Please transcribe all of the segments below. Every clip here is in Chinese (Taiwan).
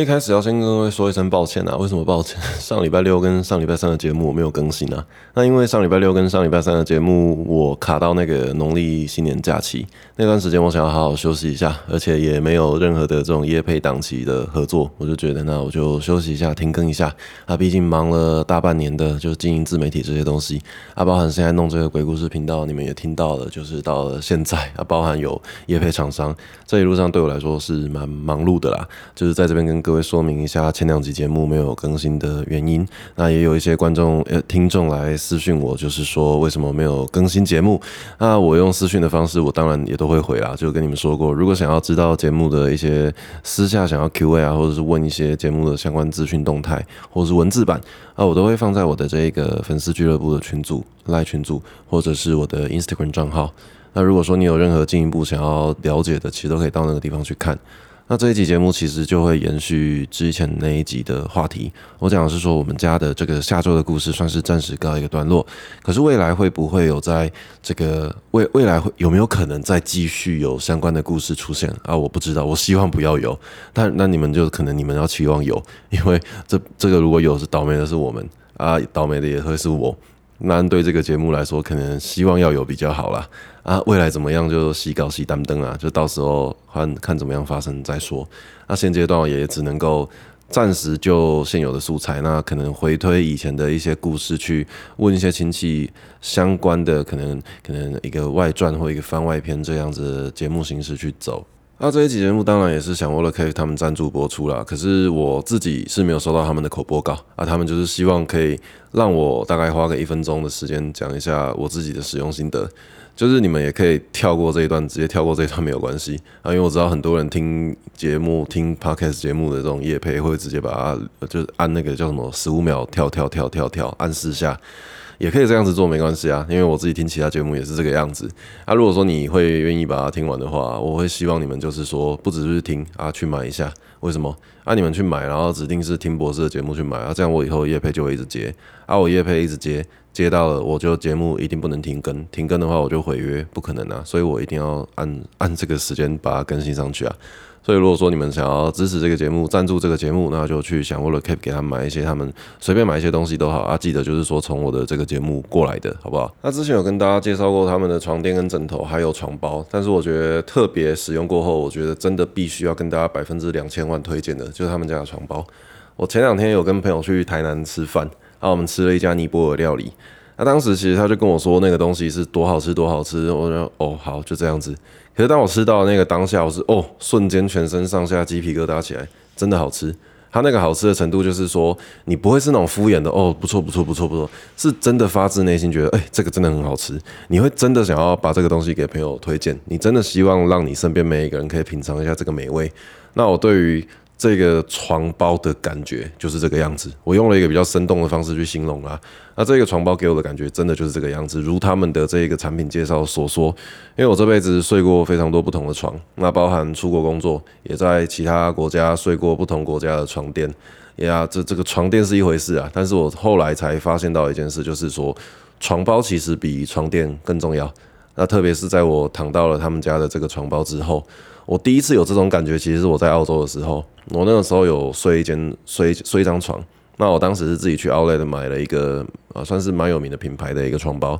一開始要先跟各位說一聲抱歉啊，為什麼抱歉？上禮拜六跟上禮拜三的節目我沒有更新啊。那因為上禮拜六跟上禮拜三的節目，我卡到那個農曆新年假期那段時間，我想要好好休息一下，而且也沒有任何的這種業配檔期的合作，我就覺得那我就休息一下，停更一下啊。畢竟忙了大半年的，就是經營自媒體這些東西啊，包含現在弄這個鬼故事頻道，你們也聽到了，就是到了現在啊，包含有業配廠商，這一路上對我來說是蠻忙碌的啦，就是在這邊跟。都會說明一下前兩集節目沒有更新的原因。那也有一些觀眾呃聽眾來私訊我，就是說為什麼沒有更新節目。那我用私訊的方式，我當然也都會回啊，就跟你們說過，如果想要知道節目的一些私下想要 QA 啊，或者是問一些節目的相關資訊動態，或者是文字版啊，我都會放在我的這個粉絲俱樂部的群組、Line 群組，或者是我的 Instagram 賬號。那如果說你有任何進一步想要了解的，其實都可以到那個地方去看。那這一集節目其實就會延續之前那一集的話題。我講的是說，我們家的這個下周的故事算是暫時告一個段落。可是未來會不會有在這個未未來，會有沒有可能再繼續有相關的故事出現啊？我不知道。我希望不要有，但那你們就可能你們要期望有，因為這這個如果有，是倒霉的是我們啊，倒霉的也會是我。那對這個節目來說，可能希望要有比較好啦啊，未來怎麼樣就西高西擔燈啊，就到時候看看怎麼樣發生再說。那、啊、現階段也只能夠暫時就現有的素材，那可能回推以前的一些故事，去問一些親戚相關的，可能可能一個外傳或一個番外篇這樣子節目形式去走。那、啊、這一集節目當然也是想享了，可以他們贊助播出啦。可是我自己是沒有收到他們的口播稿。啊，他們就是希望可以讓我大概花個一分鐘的時間講一下我自己的使用心得，就是你們也可以跳過這一段，直接跳過這一段沒有關係啊，因為我知道很多人聽節目、聽 Podcast 節目的這種業配會直接把它就是按那個叫什麼十五秒跳跳跳跳跳按四下。也可以這樣子做，沒關係啊，因為我自己聽其他節目也是這個樣子。那、啊、如果說你會願意把它聽完的話，我會希望你們就是說，不只是聽啊，去買一下。為什麼？啊，你們去買，然後指定是聽博士的節目去買啊，這樣我以後業配就會一直接啊，我業配一直接，接到了我就節目一定不能停更，停更的話我就毀約，不可能啊，所以我一定要按按這個時間把它更新上去啊。所以，如果說你們想要支持這個節目，贊助這個節目，那就去想我的 keep 給他們買一些，他們隨便買一些東西都好啊。記得就是說從我的這個節目過來的，好不好？那之前有跟大家介紹過他們的床墊、跟枕頭，還有床包。但是我覺得特別使用過後，我覺得真的必須要跟大家百分之兩千萬推薦的，就是他們家的床包。我前兩天有跟朋友去台南吃飯，然後，我們吃了一家尼泊爾料理。那當時其實他就跟我說那個東西是多好吃，多好吃。我說哦，好，就這樣子。其實當我吃到那個當下，我是哦，瞬間全身上下雞皮疙瘩起來，真的好吃。它那個好吃的程度，就是說你不會是那種敷衍的哦，不錯不錯不錯不錯，是真的發自內心覺得，哎，這個真的很好吃。你會真的想要把這個東西給朋友推薦，你真的希望讓你身邊每一個人可以品嘗一下這個美味。那我對於這個床包的感覺就是這個樣子，我用了一個比較生動的方式去形容啊。那這個床包給我的感覺真的就是這個樣子，如他們的這個產品介紹所說。因為我這輩子睡過非常多不同的床，那包含出國工作，也在其他國家睡過不同國家的床墊 yeah。呀，這這個床墊是一回事啊，但是我後來才發現到一件事，就是說床包其實比床墊更重要。那特別是在我躺到了他們家的這個床包之後。我第一次有這種感覺，其實是我在澳洲的時候，我那個時候有睡一間睡、睡一張床，那我當時是自己去 Outlet 買了一個呃、啊，算是蠻有名的品牌的一個床包，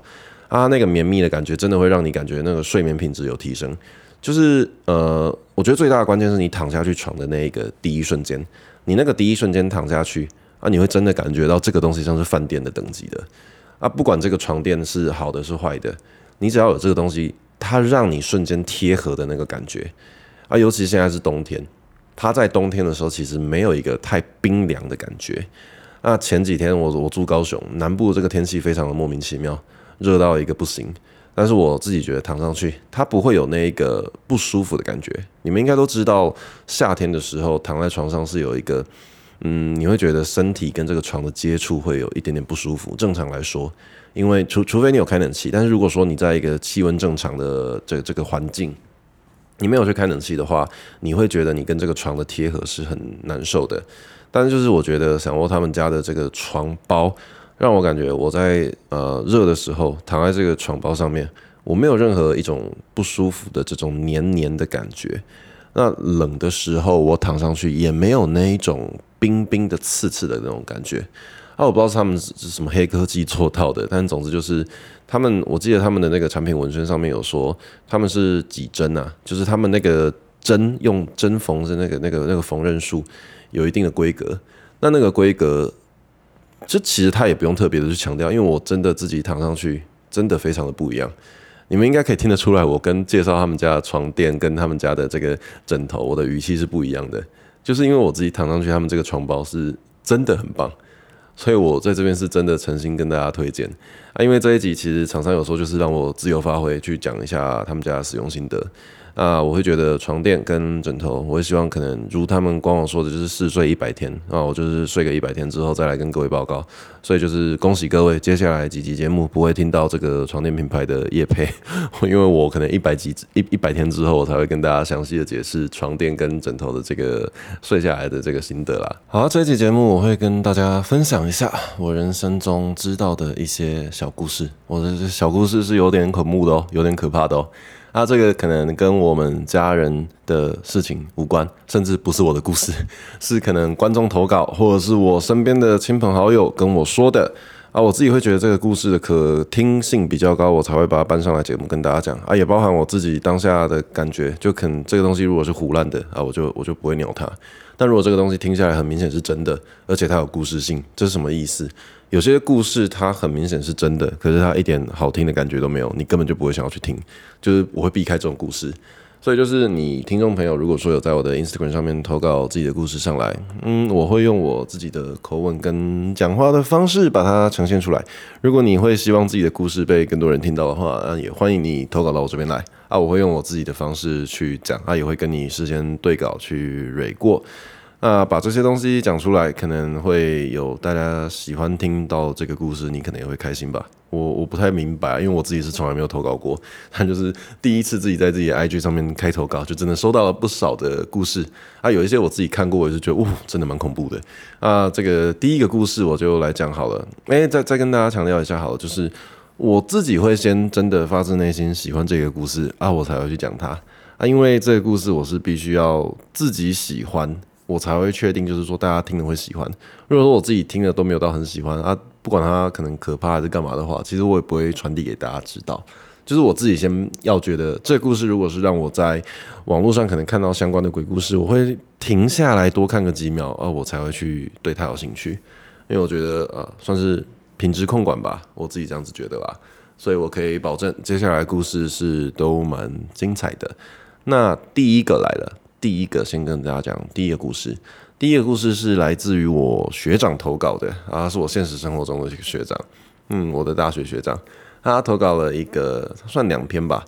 啊，那個綿密的感覺真的會讓你感覺那個睡眠品質有提升，就是呃，我覺得最大的關鍵是你躺下去床的那個第一瞬間，你那個第一瞬間躺下去啊，你會真的感覺到這個東西像是飯店的等級的，啊，不管這個床墊是好的是壞的，你只要有這個東西，它讓你瞬間貼合的那個感覺。啊，尤其現在是冬天，它在冬天的時候其實沒有一個太冰涼的感覺。那前幾天我我住高雄南部，這個天氣非常的莫名其妙，熱到一個不行。但是我自己覺得躺上去，它不會有那個不舒服的感覺。你們應該都知道，夏天的時候躺在床上是有一個，嗯，你會覺得身體跟這個床的接觸會有一點點不舒服。正常來說，因為除除非你有開冷氣，但是如果說你在一個氣溫正常的這個、這個環境。你沒有去開冷氣的話，你會覺得你跟這個床的貼合是很難受的。但是就是我覺得想窩他們家的這個床包，讓我感覺我在呃熱的時候躺在這個床包上面，我沒有任何一種不舒服的這種黏黏的感覺。那冷的時候我躺上去也沒有那一種冰冰的刺刺的那種感覺。啊，我不知道是他們是什麼黑科技做到的，但總之就是。他們，我記得他們的那個產品文宣上面有說，他們是幾針啊？就是他們那個針用針縫是那個那個那個縫紉數，有一定的規格。那那個規格，這其實他也不用特別的去強調，因為我真的自己躺上去，真的非常的不一樣。你們應該可以聽得出來，我跟介紹他們家的床墊跟他們家的這個枕頭，我的語氣是不一樣的，就是因為我自己躺上去，他們這個床包是真的很棒。所以，我在這邊是真的誠心跟大家推薦啊！因為這一集其實廠商有說，就是讓我自由發揮去講一下他們家的使用心得。啊，我會覺得床墊跟枕頭，我也希望可能如他們官網說的，就是試睡一百天啊，我就是睡個一百天之後再來跟各位報告。所以就是恭喜各位，接下來幾集節目不會聽到這個床墊品牌的業配，因為我可能一百集一一百天之後我才會跟大家詳細的解釋床墊跟枕頭的這個睡下來的這個心得啦。好，這一集節目我會跟大家分享一下我人生中知道的一些小故事，我的小故事是有點恐怖的哦，有點可怕的哦。那、啊、這個可能跟我們家人的事情無關，甚至不是我的故事，是可能觀眾投稿或者是我身邊的親朋好友跟我說的啊。我自己會覺得這個故事的可聽性比較高，我才會把它搬上來節目跟大家講啊。也包含我自己當下的感覺，就可能這個東西如果是唬爛的啊，我就我就不會鳥它。但如果這個東西聽下來很明顯是真的，而且它有故事性，這是什麼意思？有些故事它很明顯是真的，可是它一點好聽的感覺都沒有，你根本就不會想要去聽。就是我會避開這種故事，所以就是你聽眾朋友，如果說有在我的 Instagram 上面投稿自己的故事上來，嗯，我會用我自己的口吻跟講話的方式把它呈現出來。如果你會希望自己的故事被更多人聽到的話，那也歡迎你投稿到我這邊來啊！我會用我自己的方式去講，啊，也會跟你事先對稿去 review 過。啊，把這些東西講出來，可能會有大家喜歡聽到這個故事，你可能也會開心吧。我我不太明白啊，因為我自己是從來沒有投稿過，但就是第一次自己在自己的 IG 上面開投稿，就真的收到了不少的故事啊。有一些我自己看過，也是覺得哦，真的蠻恐怖的。啊，這個第一個故事我就來講好了。哎，再再跟大家強調一下好了，就是我自己會先真的發自內心喜歡這個故事啊，我才會去講它啊，因為這個故事我是必須要自己喜歡。我才會確定就是說大家聽了會喜歡。如果說我自己聽了都沒有到很喜歡啊，不管它可能可怕還是幹嘛的話，其實我也不會傳遞給大家知道。就是我自己先要覺得這個故事，如果是讓我在網絡上可能看到相關的鬼故事，我會停下來多看個幾秒，呃，我才會去對它有興趣。因為我覺得呃、啊，算是品質控管吧，我自己這樣子覺得吧，所以我可以保證接下來故事是都蠻精彩的。那第一個來了。第一個先跟大家講第一個故事，第一個故事是來自於我學長投稿的啊，是我現實生活中的一個學長，嗯，我的大學學長，他、啊、投稿了一個算兩篇吧，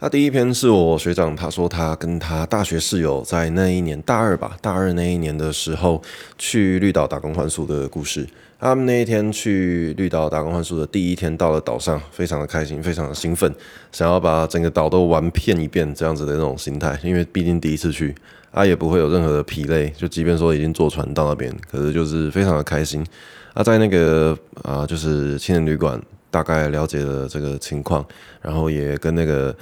他、啊、第一篇是我學長，他說他跟他大學室友在那一年大二吧，大二那一年的時候去綠島打工換宿的故事。他們、啊、那一天去綠島打工換宿的第一天到了島上，非常的開心，非常的興奮，想要把整個島都玩遍一遍這樣子的那種心態，因為畢竟第一次去，他、啊、也不會有任何的疲累，就即便說已經坐船到那邊，可是就是非常的開心。啊，在那個啊，就是青年旅館，大概了解了這個情況，然後也跟那個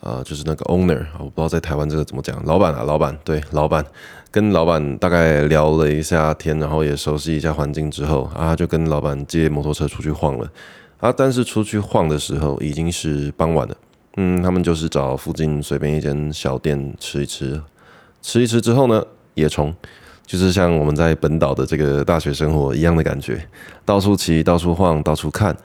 啊，就是那個 owner，我不知道在台灣這個怎麼講，老闆啊，老闆，對，老闆。跟老闆大概聊了一下天，然後也熟悉一下環境之後，啊，就跟老闆借摩托車出去晃了。啊，但是出去晃的時候已經是傍晚了。嗯，他們就是找附近隨便一間小店吃一吃，吃一吃之後呢，夜衝就是像我們在本島的這個大學生活一樣的感覺，到處騎，到處晃，到處，到處看。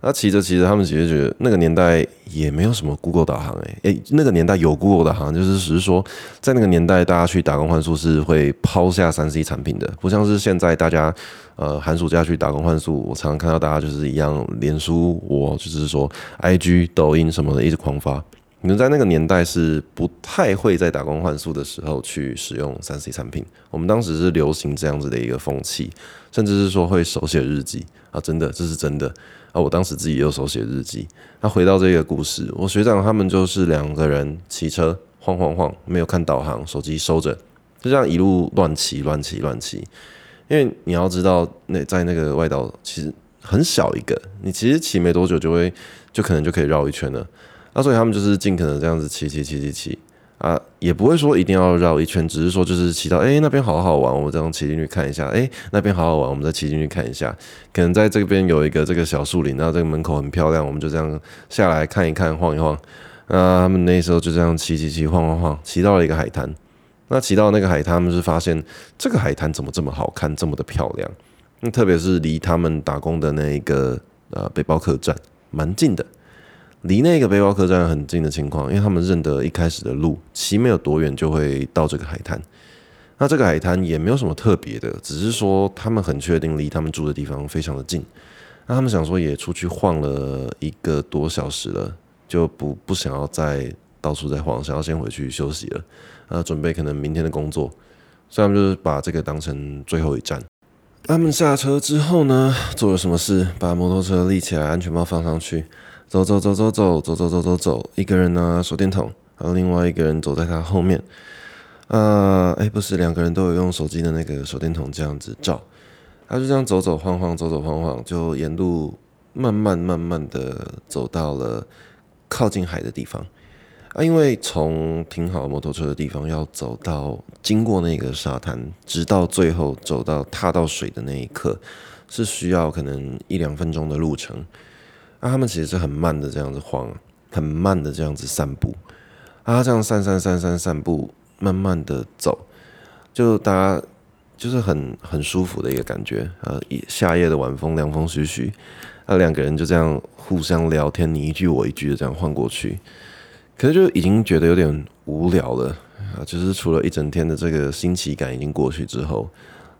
那騎着騎着，他們其實覺得那個年代也沒有什麼 Google 導航誒、欸，誒、欸，那個年代有 Google 導航，就是只是說在那個年代，大家去打工換宿是會拋下三 C 產品的，不像是現在大家呃寒暑假去打工換宿，我常常看到大家就是一樣臉書，我就是說 IG、抖音什麼的一直狂發。你們在那個年代是不太會在打工換宿的時候去使用三 C 產品，我們當時是流行這樣子的一個風氣，甚至是說會手寫日記啊，真的這是真的。我當時自己右手寫日記。他、啊、回到這個故事，我學長他們就是兩個人騎車晃晃晃，沒有看導航，手機收着，就這樣一路亂騎亂騎亂騎。因為你要知道，那在那個外島其實很小一個，你其實騎沒多久就會就可能就可以繞一圈了。那、啊、所以他們就是盡可能這樣子騎騎騎騎騎。啊，也不會說一定要繞一圈，只是說就是騎到，誒、欸，那邊好好玩，我們這樣騎進去看一下，誒、欸，那邊好好玩，我們再騎進去看一下。可能在這邊有一個這個小樹林，然後這個門口很漂亮，我們就這樣下來看一看，晃一晃。啊，他們那時候就這樣騎騎騎，晃晃晃，騎到了一個海灘。那騎到那個海灘，他們是發現這個海灘怎麼這麼好看，這麼的漂亮？那、嗯、特別是離他們打工的那一個呃背包客棧蠻近的。離那個背包客棧很近的情況，因為他們認得一開始的路，騎沒有多遠就會到這個海灘。那這個海灘也沒有什麼特別的，只是說他們很確定離他們住的地方非常的近。那他們想說也出去晃了一個多小時了，就不不想要再到處再晃，想要先回去休息了，那準備可能明天的工作，所以他們就是把這個當成最後一站。他們下車之後呢，做了什麼事？把摩托車立起來，安全帽放上去。走走走走走走走走走走，一個人拿手電筒，然後另外一個人走在他後面。啊、呃，哎、欸，不是兩個人都有用手機的那個手電筒這樣子照，他就這樣走走晃晃，走走晃晃，就沿路慢慢慢慢地走到了靠近海的地方。啊，因為從停好摩托車的地方要走到經過那個沙灘，直到最後走到踏到水的那一刻，是需要可能一兩分鐘的路程。啊，他們其實是很慢的這樣子晃，很慢的這樣子散步。啊，他這樣散，散散散散散步，慢慢的走，就大家就是很很舒服的一個感覺。呃、啊，夏夜的晚風涼風徐徐，那、啊、兩個人就這樣互相聊天，你一句我一句的這樣晃過去，可是就已經覺得有點無聊了啊。就是除了一整天的這個新奇感已經過去之後，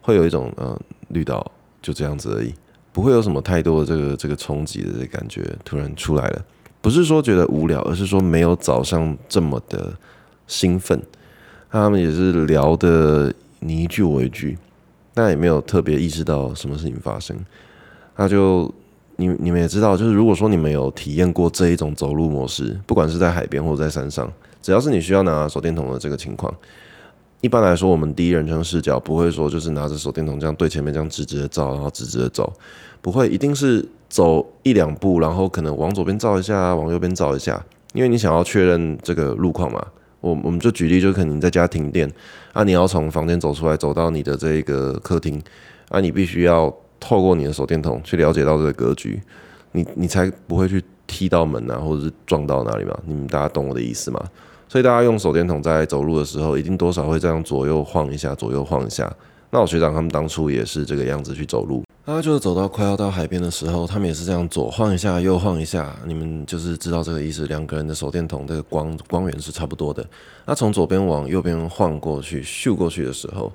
會有一種呃、啊、綠島就這樣子而已。不會有什麼太多的這個這個衝擊的感覺突然出來了。不是說覺得無聊，而是說沒有早上這麼的興奮。他們也是聊的你一句我一句，但也沒有特別意識到什麼事情發生。那就你你們也知道，就是如果說你沒有體驗過這一種走路模式，不管是在海邊或者在山上，只要是你需要拿手電筒的這個情況。一般來說，我們第一人稱視角不會說，就是拿着手電筒這樣對前面這樣直直的照，然後直直的走，不會，一定是走一兩步，然後可能往左邊照一下，往右邊照一下，因為你想要確認這個路況嘛。我我們就舉例，就可能你在家停電，啊，你要從房間走出來，走到你的這個客廳，啊，你必須要透過你的手電筒去了解到這個格局，你你才不會去踢到門啊，或者是撞到哪裡嘛。你們大家懂我的意思嗎？所以大家用手電筒在走路的時候，一定多少會這樣左右晃一下，左右晃一下。那我學長他們當初也是這個樣子去走路。他、啊、就是走到快要到海邊的時候，他們也是這樣左晃一下，右晃一下。你們就是知道這個意思。兩個人的手電筒這個光光源是差不多的。那從左邊往右邊晃過去、咻過去的時候，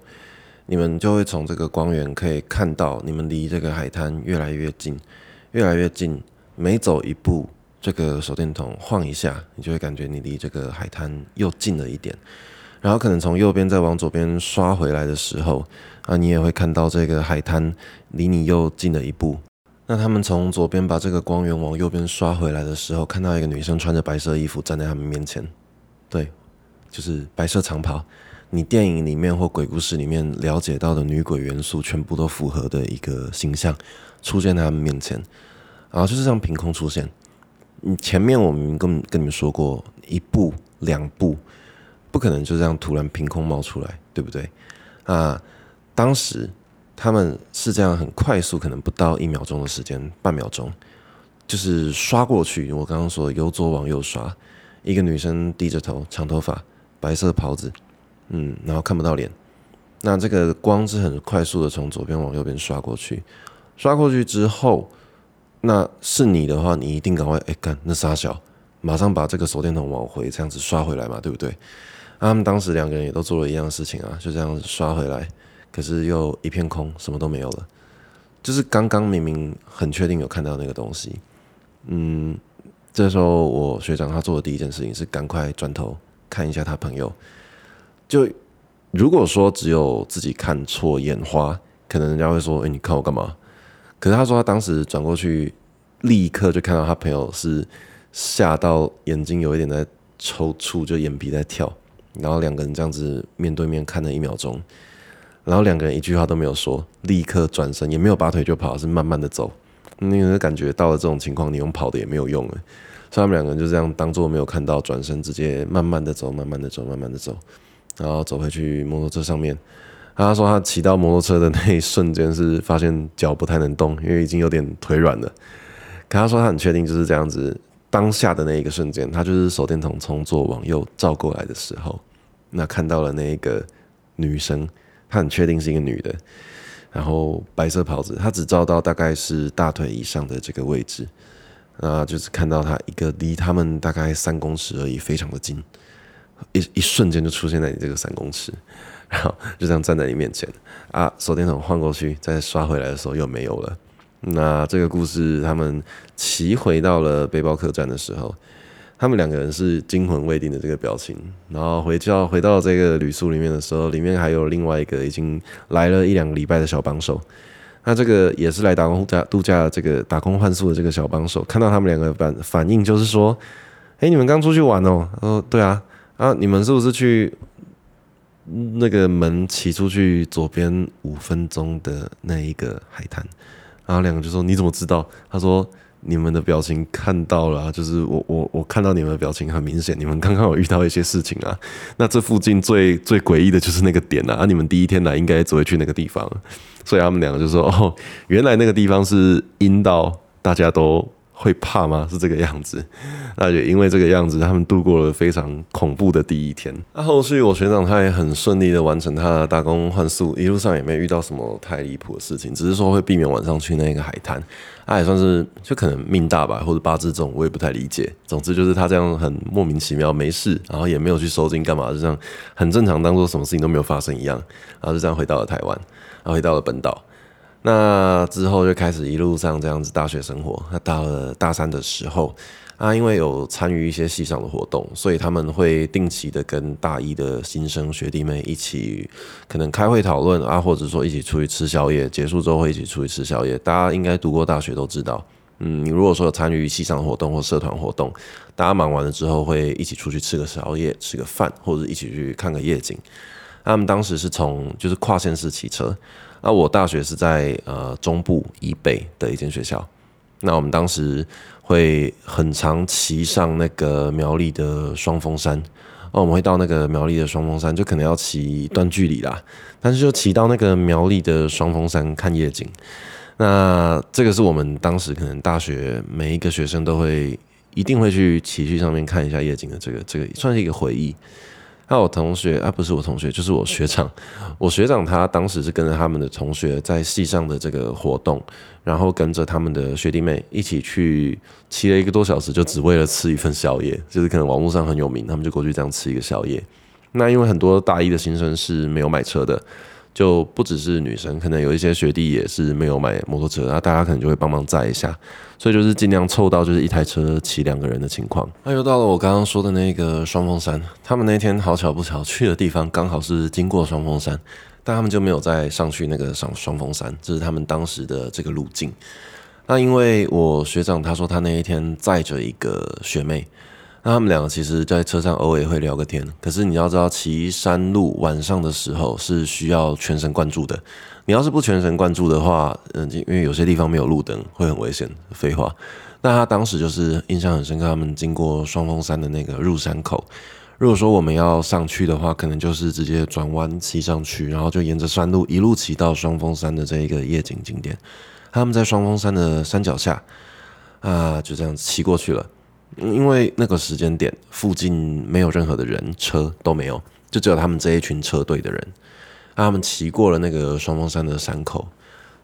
你們就會從這個光源可以看到，你們離這個海灘越來越近，越來越近。每走一步。這個手電筒晃一下，你就會感覺你離這個海灘又近了一點。然後可能從右邊再往左邊刷回來的時候啊，你也會看到這個海灘離你又近了一步。那他們從左邊把這個光源往右邊刷回來的時候，看到一個女生穿着白色衣服站在他們面前，對，就是白色長袍。你電影裡面或鬼故事裡面了解到的女鬼元素全部都符合的一個形象，出現在他們面前。然後，啊，就是這樣憑空出現。你前面我們跟跟你們說過，一步兩步，不可能就這樣突然憑空冒出來，對不對？啊，當時他們是這樣很快速，可能不到一秒鐘的時間，半秒鐘，就是刷過去。我剛剛說由左往右刷，一個女生低着頭，長頭髮，白色袍子，嗯，然後看不到臉。那這個光是很快速的從左邊往右邊刷過去，刷過去之後。那是你的話，你一定趕快，哎，幹那傻小，馬上把這個手電筒往回這樣子刷回來嘛，對不對？啊，他們當時兩個人也都做了一樣的事情啊，就這樣子刷回來，可是又一片空，什麼都沒有了。就是剛剛明明很確定有看到那個東西，嗯，這時候我學長他做的第一件事情是趕快轉頭看一下他朋友。就如果說只有自己看錯眼花，可能人家會說：“哎，你看我幹嘛？”可是他說他當時轉過去，立刻就看到他朋友是嚇到眼睛有一點在抽搐，就眼皮在跳，然後兩個人這樣子面對面看了一秒鐘，然後兩個人一句話都沒有說，立刻轉身也沒有拔腿就跑，是慢慢的走。因為他感覺到了這種情況，你用跑的也沒有用了，所以他們兩個人就這樣當做沒有看到，轉身直接慢慢的走，慢慢的走，慢慢的走，然後走回去摩托車上面。他說他騎到摩托車的那一瞬間是發現腳不太能動，因為已經有點腿軟了。可他說他很確定就是這樣子，當下的那一個瞬間，他就是手電筒從左往右照過來的時候，那看到了那個女生，他很確定是一個女的，然後白色袍子，他只照到大概是大腿以上的這個位置，那就是看到他一個離他們大概三公尺而已，非常的近，一一瞬間就出現在你這個三公尺。然後就這樣站在你面前，啊，手電筒晃過去，再刷回來的時候又沒有了。那這個故事，他們騎回到了背包客棧的時候，他們兩個人是驚魂未定的這個表情。然後回去到回到這個旅宿裡面的時候，裡面還有另外一個已經來了一兩個禮拜的小幫手。那這個也是來打工假度假的這個打工換宿的這個小幫手，看到他們兩個反反應就是說，哎，你們剛出去玩哦？他說：對啊，啊，你們是不是去？那個門騎出去左邊五分鐘的那一個海灘，然後兩個就說：“你怎麼知道？”他說：“你們的表情看到了啊，就是我我我看到你們的表情很明顯，你們剛剛有遇到一些事情啊。那這附近最最詭異的就是那個點啊啊，你們第一天來應該只會去那個地方，所以他們兩個就說：‘哦，原來那個地方是陰道，大家都’。”會怕嗎？是這個樣子，那也因為這個樣子，他們度過了非常恐怖的第一天。那、啊、後續我學長他也很順利的完成他的打工換宿，一路上也沒遇到什麼太離譜的事情，只是說會避免晚上去那個海灘。他也算是就可能命大吧，或者八字重，我也不太理解。總之就是他這樣很莫名其妙沒事，然後也沒有去收驚幹嘛，就這樣很正常，當做什麼事情都沒有發生一樣，然後就這樣回到了台灣，然後回到了本島。那之後就開始一路上這樣子大學生活。那到了大三的時候，啊，因為有參與一些系上的活動，所以他們會定期的跟大一的新生學弟妹一起，可能開會討論啊，或者說一起出去吃宵夜。結束之後會一起出去吃宵夜。大家應該讀過大學都知道，嗯，你如果說有參與系上活動或社團活動，大家忙完了之後會一起出去吃個宵夜，吃個飯，或者一起去看個夜景。啊，他們當時是從就是跨縣市騎車。那我大學是在呃中部以北的一間學校，那我們當時會很常騎上那個苗栗的雙峰山，那我們會到那個苗栗的雙峰山，就可能要騎一段距離啦，但是就騎到那個苗栗的雙峰山看夜景，那這個是我們當時可能大學每一個學生都會一定會去騎去上面看一下夜景的，這個這個算是一個回憶。那我同學啊，不是我同學，就是我學長。我學長他當時是跟着他們的同學在系上的這個活動，然後跟着他們的學弟妹一起去騎了一個多小時，就只為了吃一份宵夜。就是可能網絡上很有名，他們就過去這樣吃一個宵夜。那因為很多大一的新生是沒有買車的。就不只是女生，可能有一些學弟也是沒有買摩托車，那大家可能就會幫忙載一下，所以就是盡量湊到就是一台車騎兩個人的情況。那又到了我剛剛說的那個雙峰山，他們那天好巧不巧去的地方剛好是經過雙峰山，但他們就沒有再上去那個上雙峰山，這就是他們當時的這個路徑。那因為我學長他說他那一天載着一個學妹。那他們兩個其實，在車上偶爾也會聊個天。可是你要知道，騎山路晚上的時候是需要全神貫注的。你要是不全神貫注的話，嗯，因為有些地方沒有路燈，會很危險。廢話。那他當時就是印象很深刻，他們經過雙峰山的那個入山口。如果說我們要上去的話，可能就是直接轉彎騎上去，然後就沿着山路一路騎到雙峰山的這一個夜景景點。他，他們在雙峰山的山腳下，啊，就這樣子騎過去了。因為那個時間點附近沒有任何的人，車都沒有，就只有他們這一群車隊的人。啊，他們騎過了那個雙峰山的山口，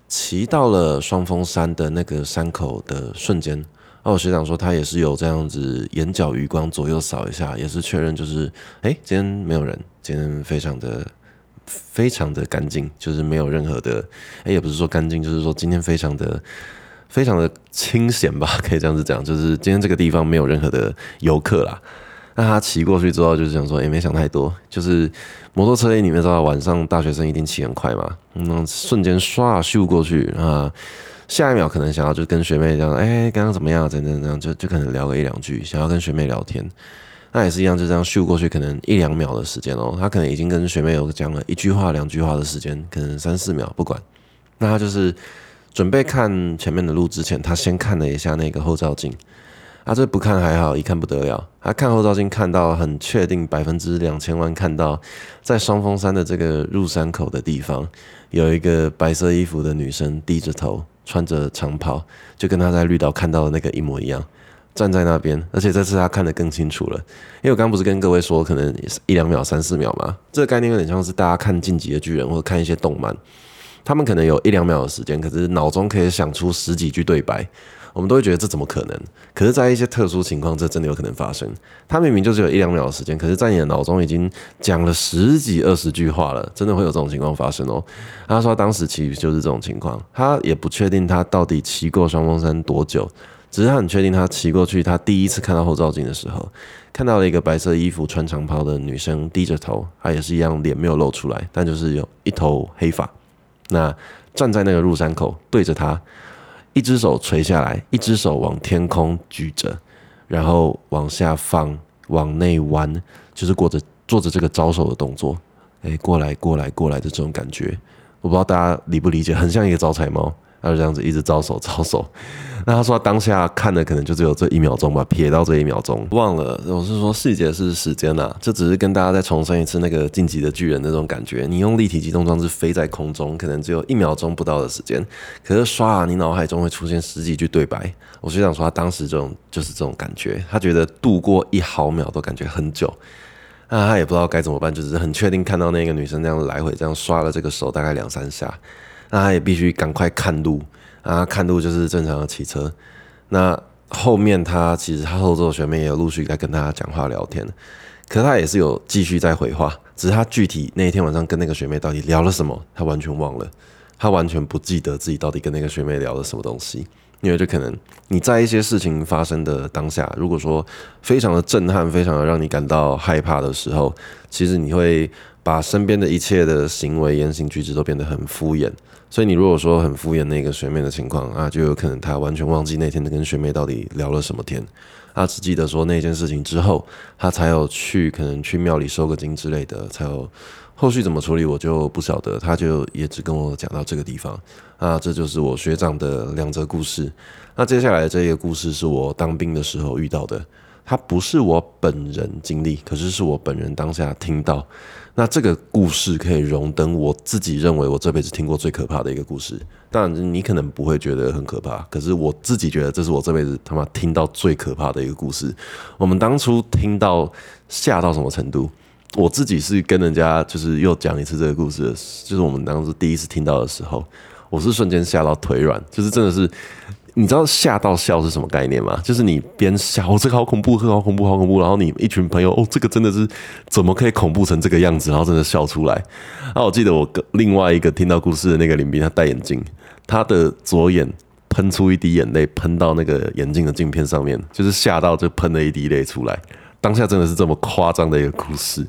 騎到了雙峰山的那個山口的瞬間，哦，啊，我學長說他也是有這樣子眼角餘光左右掃一下，也是確認就是，誒，今天沒有人，今天非常的非常的乾淨，就是沒有任何的，誒，也不是說乾淨，就是說今天非常的。非常的清閒吧，可以這樣子講，就是今天這個地方沒有任何的遊客啦。那他騎過去之後，就是想說，也、欸、沒想太多，就是摩托車裡面你知道晚上大學生一定騎很快嘛，嗯，瞬間刷啊咻過去啊，下一秒可能想要就跟學妹這樣，哎、欸，剛剛怎麼樣？怎怎怎樣？就就可能聊個一兩句，想要跟學妹聊天，那也是一樣，就這樣咻過去，可能一兩秒的時間哦、喔，他可能已經跟學妹有講了一句話、兩句話的時間，可能三四秒不管，那他就是。準備看前面的路之前，他先看了一下那個後照鏡。他、啊、這不看還好，一看不得了。他、啊、看後照鏡，看到很確定，百分之兩千萬看到在雙峰山的這個入山口的地方，有一個白色衣服的女生低着頭，穿着長袍，就跟他在綠島看到的那個一模一樣，站在那邊。而且這次他看得更清楚了，因為我剛不是跟各位說，可能一兩秒、三四秒嘛。這個概念有點像是大家看《進擊的巨人》或者看一些動漫。他們可能有一兩秒的時間，可是腦中可以想出十幾句對白，我們都會覺得這怎麼可能？可是，在一些特殊情況，這真的有可能發生。他明明就是有一兩秒的時間，可是，在你的腦中已經講了十幾二十句話了，真的會有這種情況發生哦。他說，當時其實就是這種情況，他也不確定他到底騎過雙峰山多久，只是他很確定他騎過去，他第一次看到後照鏡的時候，看到了一個白色衣服穿長袍的女生低着頭，她也是一樣臉沒有露出來，但就是有一頭黑髮。那站在那個入山口，對着它，一只手垂下來，一只手往天空舉着，然後往下放，往內彎，就是過着做着這個招手的動作，哎，過來，過來，過來的這種感覺，我不知道大家理不理解，很像一個招財貓。他就這樣子一直招手招手，那他說他當下看的可能就只有這一秒鐘吧，瞥到這一秒鐘，忘了我是說細節是時間吶，就只是跟大家再重申一次那個進擊的巨人那種感覺，你用立體機動裝置飛在空中，可能只有一秒鐘不到的時間，可是刷啊，你腦海中會出現十幾句對白。我就想說他當時這種就是這種感覺，他覺得度過一毫秒都感覺很久，那他也不知道該怎麼辦，就是很確定看到那個女生這樣來回這樣刷了這個手大概兩三下。那他也必須趕快看路啊！看路就是正常的騎車。那後面他其實他後座的學妹也有陸續在跟他講話聊天，可是他也是有繼續在回話，只是他具體那一天晚上跟那個學妹到底聊了什麼，他完全忘了，他完全不記得自己到底跟那個學妹聊了什麼東西。因為這可能你在一些事情發生的當下，如果說非常的震撼、非常的讓你感到害怕的時候，其實你會把身邊的一切的行為、言行舉止都變得很敷衍。所以你如果說很敷衍那個學妹的情況啊，就有可能他完全忘記那天跟學妹到底聊了什麼天，啊，只記得說那件事情之後，他才有去可能去廟裡收個驚之類的，才有後續怎麼處理，我就不曉得，他就也只跟我講到這個地方啊，這就是我學長的兩則故事。那接下來的這個故事是我當兵的時候遇到的，他不是我本人經歷，可是是我本人當下聽到。那這個故事可以榮登我自己認為我這輩子聽過最可怕的一個故事。當然，你可能不會覺得很可怕，可是我自己覺得這是我這輩子他媽聽到最可怕的一個故事。我們當初聽到嚇到什麼程度？我自己是跟人家就是又講一次這個故事的，就是我們當時第一次聽到的時候，我是瞬間嚇到腿軟，就是真的是。你知道嚇到笑是什麼概念嗎？就是你邊笑、哦，這個好恐怖，這個好恐怖，好恐怖，然後你一群朋友哦這個真的是怎麼可以恐怖成這個樣子，然後真的笑出來。然後啊，我記得我另外一個聽到故事的那個林斌，他戴眼鏡，他的左眼噴出一滴眼淚，噴到那個眼鏡的鏡片上面，就是嚇到就噴了一滴淚出來。當下真的是這麼誇張的一個故事，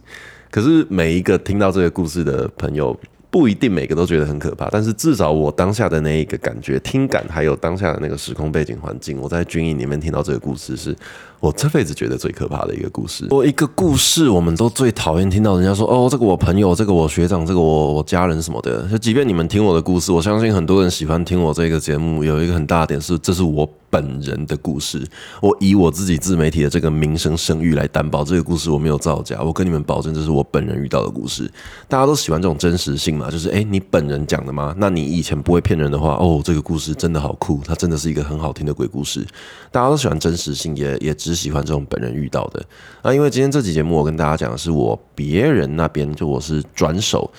可是每一個聽到這個故事的朋友。不一定每個都覺得很可怕，但是至少我當下的那一個感覺、聽感，還有當下的那個時空背景環境，我在軍營裡面聽到這個故事是。我這輩子覺得最可怕的一個故事。我一個故事，我們都最討厭聽到人家說：“哦，這個我朋友，這個我學長，這個我我家人什麼的。”就即便你們聽我的故事，我相信很多人喜歡聽我這個節目。有一個很大的點是，這是我本人的故事。我以我自己自媒體的這個名聲聲譽來擔保，這個故事我沒有造假。我跟你們保證，這是我本人遇到的故事。大家都喜歡這種真實性嘛？就是哎、欸，你本人講的嗎？那你以前不會騙人的話，哦，這個故事真的好酷，它真的是一個很好聽的鬼故事。大家都喜歡真實性，也也只是喜歡這種本人遇到的啊，因為今天這期節目，我跟大家講的是我別人那邊，就我是轉手。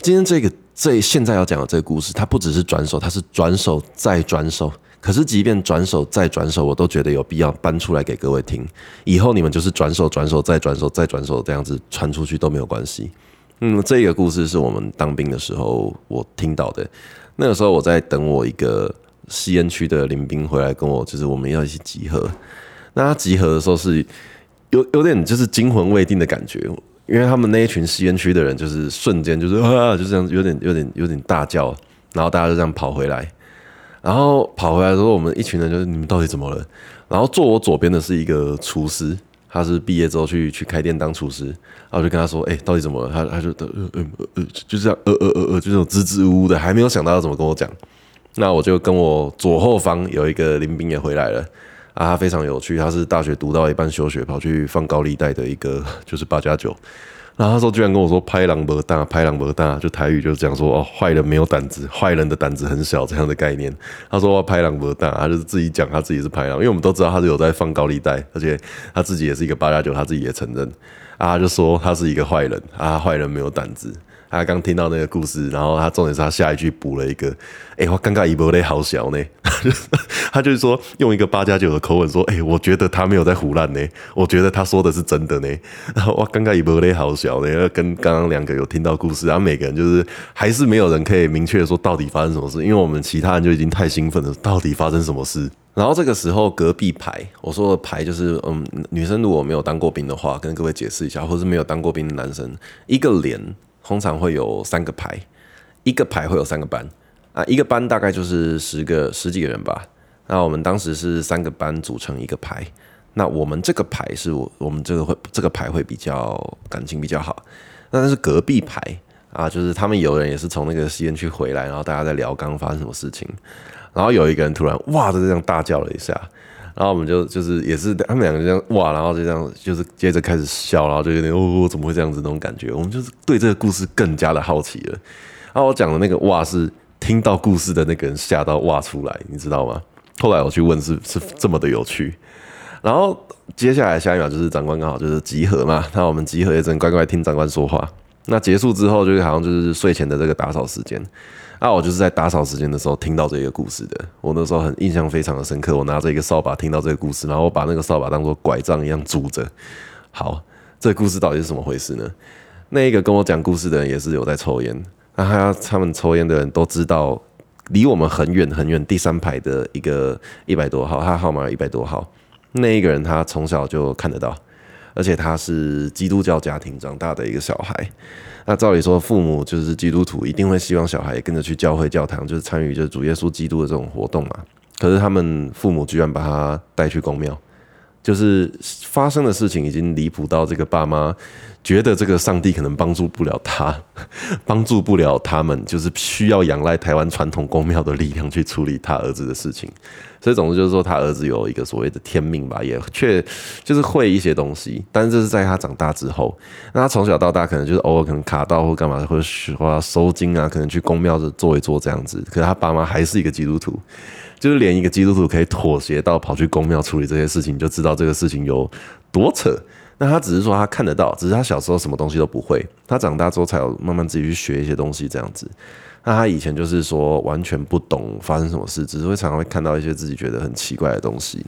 今天這個這現在要講的這個故事，它不只是轉手，它是轉手再轉手。可是即便轉手再轉手，我都覺得有必要搬出來給各位聽。以後你們就是轉手、轉手再轉手、再轉手這樣子傳出去都沒有關係。嗯，這個故事是我們當兵的時候我聽到的。那個時候我在等我一個吸煙區的鄰兵回來，跟我就是我們要一起集合。那他集合的時候是有，有有點就是驚魂未定的感覺，因為他們那一群吸煙區的人就是瞬間就是啊，啊就這樣有點有點有點大叫，然後大家就這樣跑回來，然後跑回來之後我們一群人就是你們到底怎麼了？然後坐我左邊的是一個廚師，他是畢業之後去去開店當廚師，然後我就跟他說哎、欸、到底怎麼了？他他就嗯嗯嗯，就這樣呃呃呃呃就那種支支吾吾的還沒有想到要怎麼跟我講，那我就跟我左後方有一個林斌也回來了。啊，他非常有趣。他是大學讀到一半休學，跑去放高利貸的一個，就是八加九。然、啊、後他說，居然跟我說“拍狼不大，拍狼不大”，就台語就是講說“哦，壞人沒有膽子，壞人的膽子很小”這樣的概念。他說“拍狼不大”，他就是自己講他自己是拍狼，因為我們都知道他是有在放高利貸，而且他自己也是一個八加九，他自己也承認。啊，他就說他是一個壞人啊，壞人沒有膽子。他剛聽到那個故事，然後他重點是他下一句補了一個，哎、欸，我尷尬一波嘞，好小呢。他就是說用一個八加九的口吻說，哎、欸，我覺得他沒有在唬爛呢，我覺得他說的是真的呢。然 後我尷尬一波嘞，好小呢。跟剛剛兩個有聽到故事，然後每個人就是還是沒有人可以明確的說到底發生什麼事，因為我們其他人就已經太興奮了。到底發生什麼事？然後這個時候隔壁排，我說的排就是，嗯，女生如果沒有當過兵的話，跟各位解釋一下，或者是沒有當過兵的男生，一個連。通常會有三個排，一個排會有三個班啊，一個班大概就是十個十幾個人吧。那我們當時是三個班組成一個排，那我們這個排是我我們這個會這個排會比較感情比較好。但是隔壁排啊，就是他們有人也是從那個吸菸區回來，然後大家在聊剛剛發生什麼事情，然後有一個人突然哇的這樣大叫了一下。然後我們就就是也是他們兩個就這樣哇，然後就這樣就是接着開始笑，然後就有點哦，怎麼會這樣子那種感覺，我們就是對這個故事更加的好奇了。然後我講的那個哇是聽到故事的那個人嚇到哇出來，你知道嗎？後來我去問是，是是這麼的有趣。然後接下來下一秒就是長官剛好就是集合嘛，那我們集合一陣乖乖聽長官說話。那結束之後就是好像就是睡前的這個打掃時間。那、啊、我就是在打掃時間的時候聽到這個故事的，我那時候很印象非常的深刻。我拿着一個掃把聽到這個故事，然後我把那個掃把當做拐杖一樣拄着。好，這個、故事到底是怎麼回事呢？那一個跟我講故事的人也是有在抽煙，那、啊、他們抽煙的人都知道，離我們很遠很遠第三排的一個一百多號，他號碼一百多號，那一個人他從小就看得到，而且他是基督教家庭長大的一個小孩。那照理說，父母就是基督徒，一定會希望小孩跟着去教會、教堂，就是參與就是主耶穌基督的這種活動嘛。可是他們父母居然把他帶去宮廟，就是發生的事情已經離譜到這個爸媽覺得這個上帝可能幫助不了他，幫助不了他們，就是需要仰賴台灣傳統宮廟的力量去處理他兒子的事情。所以總之就是說，他兒子有一個所謂的天命吧，也卻就是會一些東西。但是這是在他長大之後，那他從小到大可能就是偶爾可能卡到或幹嘛，或者花收驚啊，可能去宮廟子做一做這樣子。可是他爸媽還是一個基督徒，就是連一個基督徒可以妥協到跑去宮廟處理這些事情，就知道這個事情有多扯。那他只是說他看得到，只是他小時候什麼東西都不會，他長大之後才有慢慢自己去學一些東西這樣子。那他以前就是說完全不懂發生什麼事，只是會常常會看到一些自己覺得很奇怪的東西。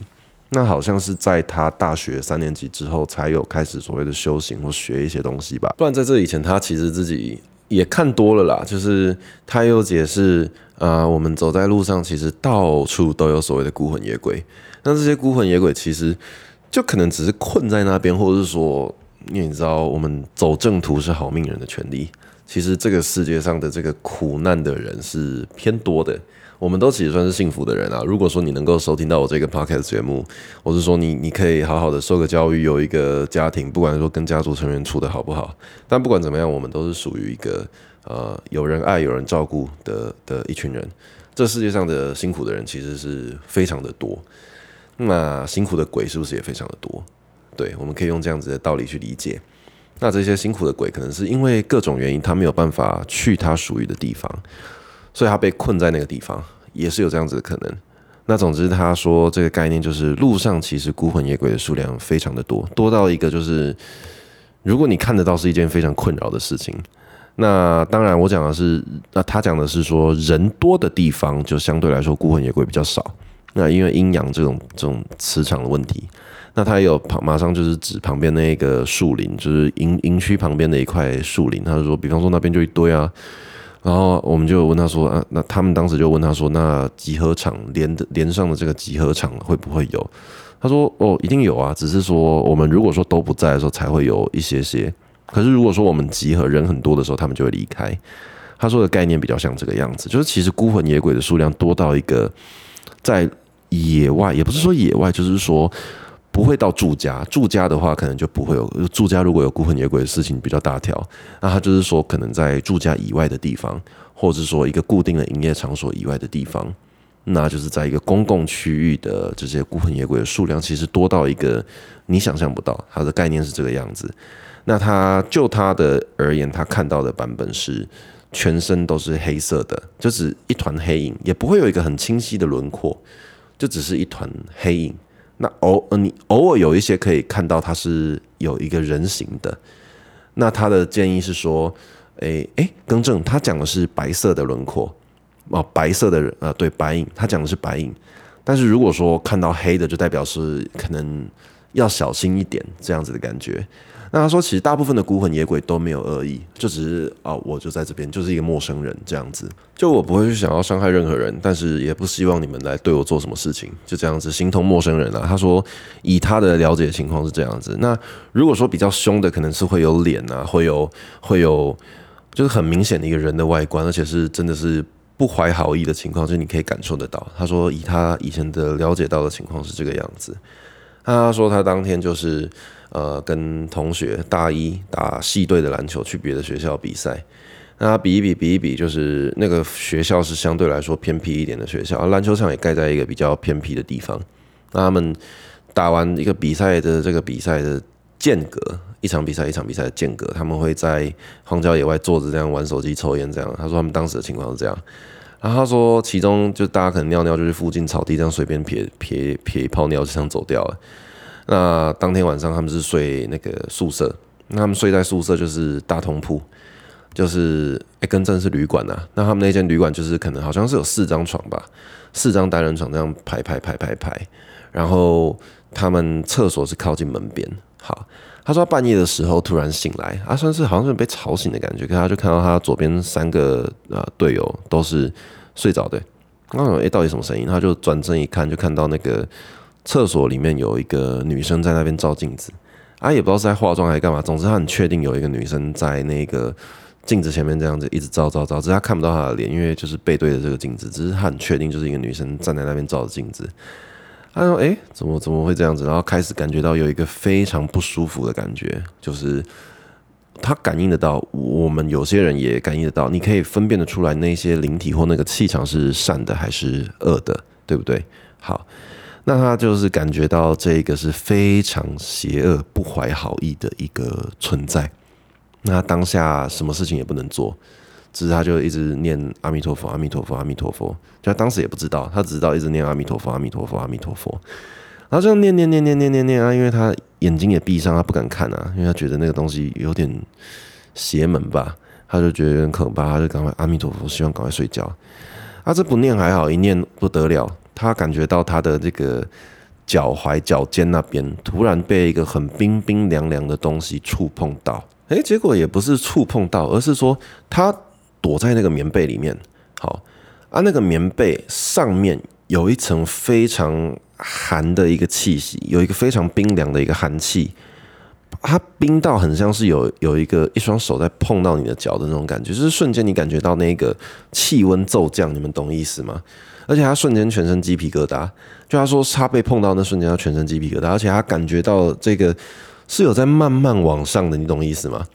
那好像是在他大學三年級之後，才有開始所謂的修行或學一些東西吧。不然在這以前，他其實自己也看多了啦。就是他又解釋啊、呃，我們走在路上，其實到處都有所謂的孤魂野鬼。那這些孤魂野鬼，其實就可能只是困在那邊，或者是說，你，你知道，我們走正途是好命人的權利。其實這個世界上的這個苦難的人是偏多的，我們都其實算是幸福的人啊。如果說你能夠收聽到我這個 podcast 節目，我是說你，你可以好好的受個教育，有一個家庭，不管說跟家族成員處得好不好，但不管怎麼樣，我們都是屬於一個呃有人愛、有人照顧的的一群人。這世界上的辛苦的人其實是非常的多，那辛苦的鬼是不是也非常的多？對，我們可以用這樣子的道理去理解。那這些辛苦的鬼，可能是因為各種原因，他沒有辦法去他屬於的地方，所以他被困在那個地方，也是有這樣子的可能。那總之，他說這個概念就是，路上其實孤魂野鬼的數量非常的多，多到一個就是，如果你看得到，是一件非常困擾的事情。那當然，我講的是，那他講的是說，人多的地方就相對來說孤魂野鬼比較少。那因為陰陽這種這種磁場的問題。那他有旁，馬上就是指旁邊那一個樹林，就是營營區旁邊的一塊樹林。他就說，比方說那邊就一堆啊。然後我們就問他說，啊，那他們當時就問他說，那集合場連的連上的這個集合場會不會有？他說，哦，一定有啊，只是說我們如果說都不在的時候，才會有一些些。可是如果說我們集合人很多的時候，他們就會離開。他說的概念比較像這個樣子，就是其實孤魂野鬼的數量多到一個在野外，也不是說野外，就是說。不會到住家，住家的話可能就不會有住家。如果有孤魂野鬼的事情比較大條，那他就是說，可能在住家以外的地方，或者說一個固定的營業場所以外的地方，那就是在一個公共區域的這些孤魂野鬼的數量，其實多到一個你想象不到。他的概念是這個樣子。那他就他的而言，他看到的版本是全身都是黑色的，就是一團黑影，也不會有一個很清晰的輪廓，就只是一團黑影。那偶呃，你偶爾有一些可以看到它是有一個人形的，那他的建議是說，哎、欸、哎，更正，他講的是白色的輪廓，哦、呃，白色的呃，對，白影，他講的是白影，但是如果說看到黑的，就代表是可能要小心一點，這樣子的感覺。那他說，其實大部分的孤魂野鬼都沒有惡意，就只是啊、哦，我就在這邊，就是一個陌生人這樣子，就我不會去想要傷害任何人，但是也不希望你們來對我做什麼事情，就這樣子形同陌生人啊。他說，以他的了解情況是這樣子。那如果說比較兇的，可能是會有臉啊，會有會有就是很明顯的一個人的外觀，而且是真的是不懷好意的情況，就是，你可以感受得到。他說，以他以前的了解到的情況是這個樣子。他說他當天就是呃跟同學大一打系隊的籃球去別的學校比賽，那他比一比比一比就是那個學校是相對來說偏僻一點的學校，而籃球場也蓋在一個比較偏僻的地方。那他們打完一個比賽的這個比賽的間隔，一場比賽一場比賽的間隔，他們會在荒郊野外坐着這樣玩手機、抽菸這樣。他說他們當時的情況是這樣。然後他說，其中就大家可能尿尿就去附近草地這樣隨便撇撇撇一泡尿就想走掉了。那當天晚上他們是睡那個宿舍，那他們睡在宿舍就是大通鋪，就是哎，跟正是旅館啊。那他們那間旅館就是可能好像是有四張床吧，四張單人床這樣排排排排排排。然後他們廁所是靠近門邊，好。他說他半夜的時候突然醒來，啊，算是好像是被吵醒的感覺。可是他就看到他左邊三個呃隊友都是睡着的。那種誒，到底什麼聲音？他就轉身一看，就看到那個廁所裡面有一個女生在那邊照鏡子。啊，也不知道是在化妝還是幹嘛。總之他很確定有一個女生在那個鏡子前面這樣子一直照照照，只是他看不到她的臉，因為就是背對着這個鏡子。只是他很確定就是一個女生站在那邊照着鏡子。他說：“哎，怎麼怎麼會這樣子？然後開始感覺到有一個非常不舒服的感覺，就是他感應得到，我們有些人也感應得到，你可以分辨得出來，那些靈體或那個氣場是善的還是惡的，對不對？好，那他就是感覺到這個是非常邪惡、不懷好意的一個存在。那當下什麼事情也不能做。”只是他就一直念阿彌陀佛阿彌陀佛阿彌陀佛，就他當時也不知道，他只知道一直念阿彌陀佛阿彌陀佛阿彌陀佛，然後就念念念念念念念啊，因為他眼睛也閉上，他不敢看啊，因為他覺得那個東西有點邪門吧，他就覺得有點可怕，他就趕快阿彌陀佛，希望趕快睡覺。啊，這不念還好，一念不得了，他感覺到他的這個腳踝腳尖那邊突然被一個很冰冰涼涼的東西觸碰到，誒，結果也不是觸碰到，而是說他。躲在那個棉被裡面，好啊，那個棉被上面有一層非常寒的一個氣息，有一個非常冰涼的一個寒氣，它冰到很像是有有一個一雙手在碰到你的腳的那種感覺，就是瞬間你感覺到那個氣溫驟降，你們懂意思嗎？而且他瞬間全身雞皮疙瘩，就他說他被碰到那瞬間，他全身雞皮疙瘩，而且他感覺到這個是有在慢慢往上的，你懂意思嗎？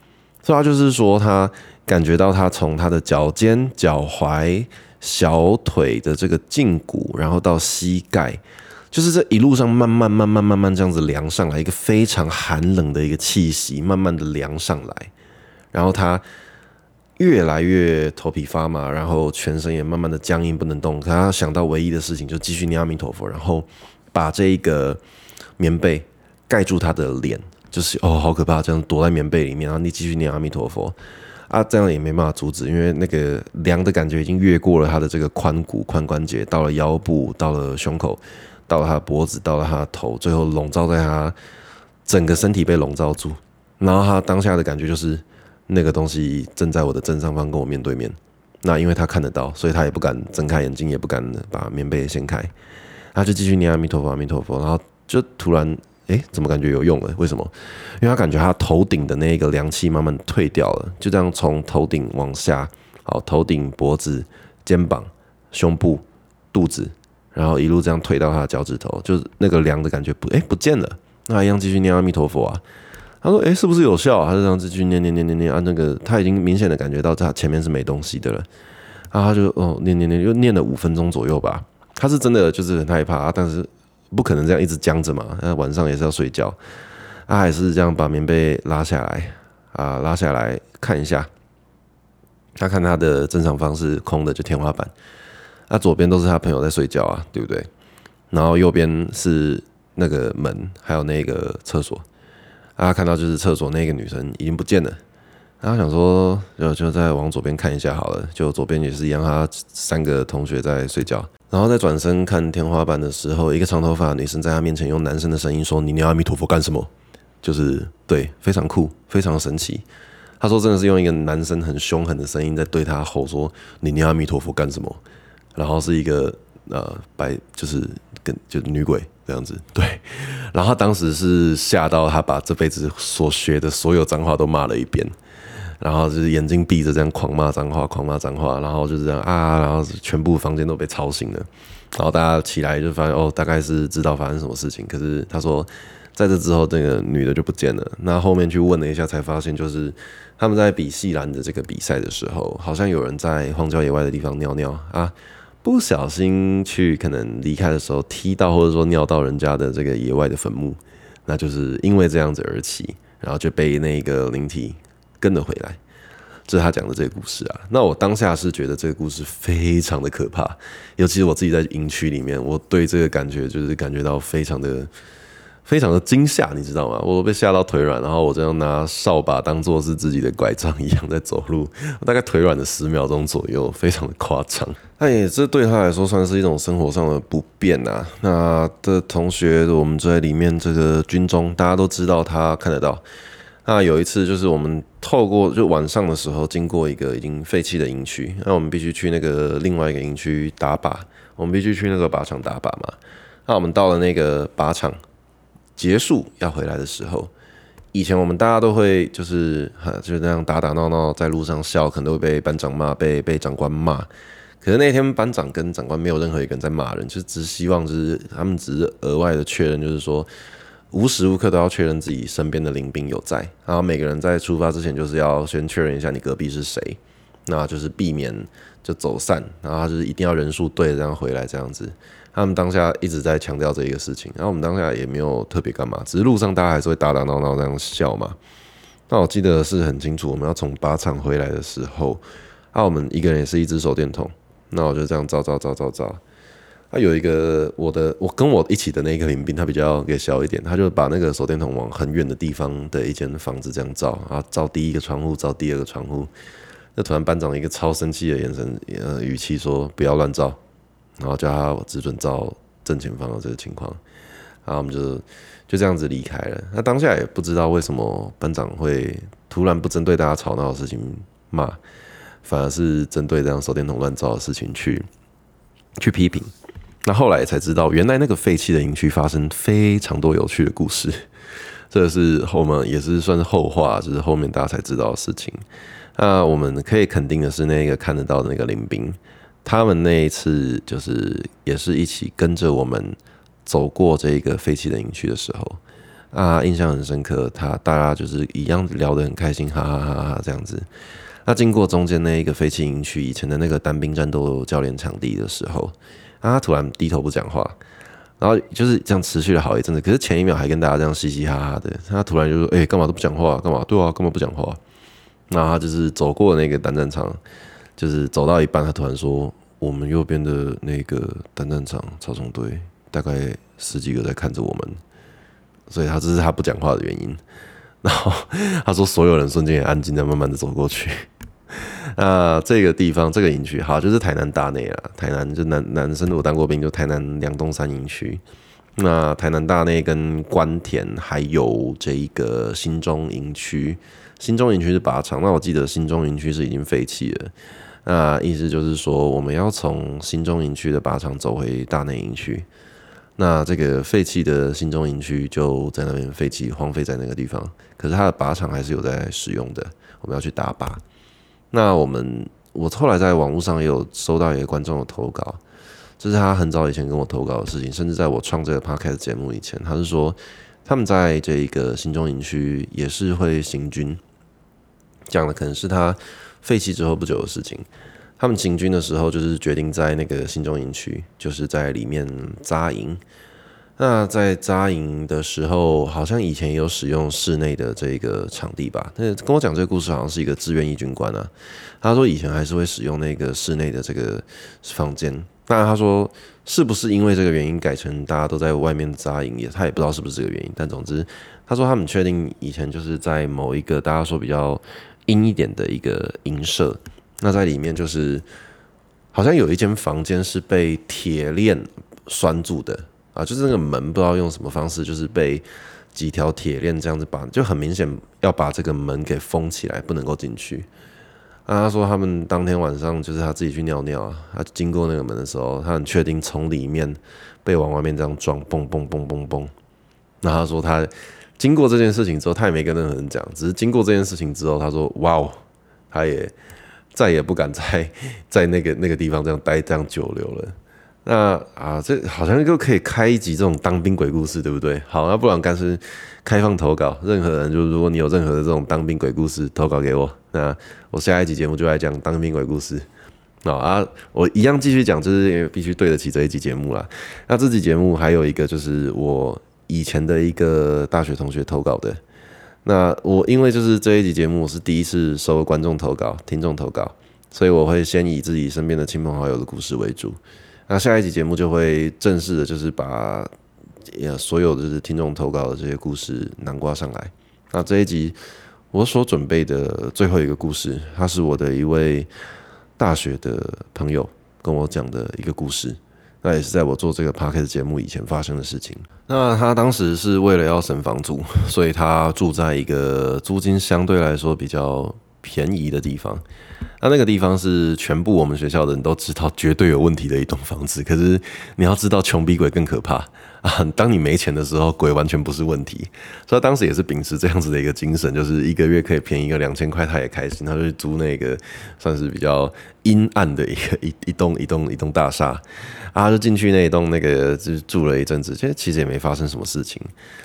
所以他就是說他。感覺到他從他的腳尖、腳踝、小腿的這個脛骨，然後到膝蓋，就是這一路上慢慢、慢慢、慢慢這樣子涼上來，一個非常寒冷的一個氣息，慢慢的涼上來，然後他越來越頭皮發麻，然後全身也慢慢的僵硬不能動。他想到唯一的事情，就繼續念阿彌陀佛，然後把這一個棉被蓋住他的臉，就是哦，好可怕，這樣躲在棉被裡面，然後你繼續念阿彌陀佛。啊，這樣也沒辦法阻止，因為那個涼的感覺已經越過了他的這個髖骨、髖關節，到了腰部，到了胸口，到了他的脖子，到了他的頭，最後籠罩在他整個身體被籠罩住。然後他當下的感覺就是，那個東西正在我的正上方跟我面對面。那因為他看得到，所以他也不敢睜開眼睛，也不敢把棉被掀開，他就繼續念阿彌陀佛，阿彌陀佛，然後就突然。誒、欸，怎麼感覺有用了？為什麼？因為他感覺他頭頂的那個涼氣慢慢退掉了，就這樣從頭頂往下，好，頭頂、脖子、肩膀、胸部、肚子，然後一路這樣退到他的腳趾頭，就是那個涼的感覺不誒、欸，不見了。那一樣繼續念阿彌陀佛啊。他說誒、欸，是不是有效啊？他就這樣子去念念念念念啊，那個他已經明顯的感覺到他前面是沒東西的了。啊，他就哦念念念，又念了五分鐘左右吧。他是真的就是很害怕啊，但是。不可能這樣一直僵着嘛，那晚上也是要睡覺，他、啊、還是這樣把棉被拉下來啊，拉下來看一下。他、啊、看他的正上方是空的，就天花板。他、啊、左邊都是他朋友在睡覺啊，對不對？然後右邊是那個門，還有那個廁所。啊，看到就是廁所那個女生已經不見了。他、啊、想說，就就再往左邊看一下好了，就左邊也是一樣，他三個同學在睡覺。然後在轉身看天花板的時候，一個長頭髮的女生在他面前用男生的聲音說：“你念阿彌陀佛幹什麼？”就是對，非常酷，非常神奇。他說真的是用一個男生很凶狠的聲音在對他吼說：“你念阿彌陀佛幹什麼？”然後是一個呃白，就是跟就女鬼這樣子對。然後她當時是嚇到他，把這輩子所學的所有髒話都罵了一遍。然後就是眼睛閉着這樣狂罵髒話，狂罵髒話，然後就是這樣啊，然後全部房間都被吵醒了，然後大家起來就發現哦，大概是知道發生什麼事情。可是他說，在這之後，這個女的就不見了。那後面去問了一下，才發現就是他們在比細蘭的這個比賽的時候，好像有人在荒郊野外的地方尿尿啊，不小心去可能離開的時候踢到，或者說尿到人家的這個野外的墳墓，那就是因為這樣子而起，然後就被那個靈體。跟着回來，這是他講的這個故事啊。那我當下是覺得這個故事非常的可怕，尤其是我自己在營區裡面，我對這個感覺就是感覺到非常的、非常的驚嚇，你知道嗎？我被嚇到腿軟，然後我這樣拿掃把當做是自己的拐杖一樣在走路，我大概腿軟了十秒鐘左右，非常的誇張。那、哎、也這對他來說算是一種生活上的不便啊。那的、這個、同學，我們在裡面這個軍中，大家都知道他看得到。那有一次，就是我們透過就晚上的時候，經過一個已經廢棄的營區，那我們必須去那個另外一個營區打靶，我們必須去那個靶場打靶嘛。那我們到了那個靶場結束要回來的時候，以前我們大家都會就是哈就那樣打打鬧鬧在路上笑，可能都會被班長罵，被被長官罵。可是那天班長跟長官沒有任何一個人在罵人，就只是只希望就是他們只是額外的確認，就是說。無時無刻都要確認自己身邊的鄰兵有在，然後每個人在出發之前就是要先確認一下你隔壁是誰，那就是避免就走散，然後就是一定要人數對的這樣回來這樣子。他們當下一直在強調這一個事情，然後我們當下也沒有特別幹嘛，只是路上大家還是會打打鬧鬧這樣笑嘛。那我記得是很清楚，我們要從靶場回來的時候，那我們一個人也是一只手電筒，那我就這樣照照照照照照。他有一個我的，我跟我一起的那個林兵，他比較給小一點，他就把那個手電筒往很遠的地方的一間房子這樣照，然後照第一個窗戶，照第二個窗戶。那突然班長一個超生氣的眼神，呃，語氣說：“不要亂照。”然後叫他我只准照正前方的這個情況。然後我們就就這樣子離開了。那當下也不知道為什麼班長會突然不針對大家吵鬧的事情罵，反而是針對這樣手電筒亂照的事情去去批評。那後來才知道，原來那個廢棄的營區發生非常多有趣的故事。這是後面也是算是後話，就是後面大家才知道的事情。那、啊、我們可以肯定的是，那個看得到的那個林兵，他們那一次就是也是一起跟着我們走過這個廢棄的營區的時候，啊，印象很深刻。他大家就是一樣聊得很開心，哈哈哈哈，這樣子。那、啊、經過中間那一個廢棄營區以前的那個單兵戰鬥教練場地的時候。啊！他突然低頭不講話，然後就是這樣持續了好一陣子。可是前一秒還跟大家這樣嘻嘻哈哈的，他突然就說：“哎、欸，幹嘛都不講話？幹嘛？對啊，幹嘛不講話？”那他就是走過那個單戰場，就是走到一半，他突然說：“我們右邊的那個單戰場操縱隊大概十幾個在看着我們，所以他這是他不講話的原因。”然後他說：“所有人瞬間也安靜，地慢慢的走過去。”啊、呃，這個地方這個營區，好，就是台南大內啊。台南就南男，男生我當過兵，就台南兩東山營區。那台南大內跟關田，還有這一個新中營區。新中營區是靶場，那我記得新中營區是已經廢棄了。那意思就是說，我們要從新中營區的靶場走回大內營區。那這個廢棄的新中營區就在那邊廢棄荒廢在那個地方，可是它的靶場還是有在使用的。我們要去打靶。那我們，我後來在網絡上也有收到一個觀眾的投稿，這、就是他很早以前跟我投稿的事情，甚至在我創這個 podcast 節目以前，他是說他們在這個新中營區也是會行軍，講的可能是他廢棄之後不久的事情，他們行軍的時候就是決定在那個新中營區，就是在裡面紮營。那在扎營的時候，好像以前也有使用室內的這個場地吧？但是跟我講這個故事好像是一個志願役軍官啊。他說以前還是會使用那個室內的這個房間。當然，他說是不是因為這個原因改成大家都在外面扎營，也他也不知道是不是這個原因。但總之，他說他們確定以前就是在某一個大家說比較陰一點的一個營舍。那在裡面就是好像有一間房間是被鐵鏈拴住的。啊，就是那個門，不知道用什麼方式，就是被幾條鐵鏈這樣子綁，就很明顯要把這個門給封起來，不能夠進去。啊，他說他們當天晚上就是他自己去尿尿啊，他經過那個門的時候，他很確定從裡面被往外面這樣撞，嘣嘣嘣嘣嘣。那他說他經過這件事情之後，他也沒跟任何人講，只是經過這件事情之後，他說哇哦，他也再也不敢再在那個那個地方這樣待這樣久留了。那啊，這好像就可以開一集這種當兵鬼故事，對不對？好，那不然乾脆開放投稿，任何人，就如果你有任何的這種當兵鬼故事，投稿給我，那我下一集節目就來講當兵鬼故事。好啊，我一樣繼續講，就是因為必須對得起這一集節目啦。那這集節目還有一個就是我以前的一個大學同學投稿的。那我因為就是這一集節目我是第一次收觀眾投稿、聽眾投稿，所以我會先以自己身邊的親朋好友的故事為主。那下一集節目就會正式的，就是把所有就是聽眾投稿的這些故事南瓜上來。那這一集我所準備的最後一個故事，它是我的一位大學的朋友跟我講的一個故事。那也是在我做這個 podcast 節目以前發生的事情。那他當時是為了要省房租，所以他住在一個租金相對來說比較便宜的地方。那那個地方是全部我們學校的人都知道，絕對有問題的一棟房子。可是你要知道，窮比鬼更可怕。啊！當你沒錢的時候，鬼完全不是問題。所以他當時也是秉持這樣子的一個精神，就是一個月可以便宜個兩千塊，他也開心。他就去租那個算是比較陰暗的一個一一棟一棟一棟大廈，然後他就進去那一棟那個就住了一陣子。其實其實也沒發生什麼事情，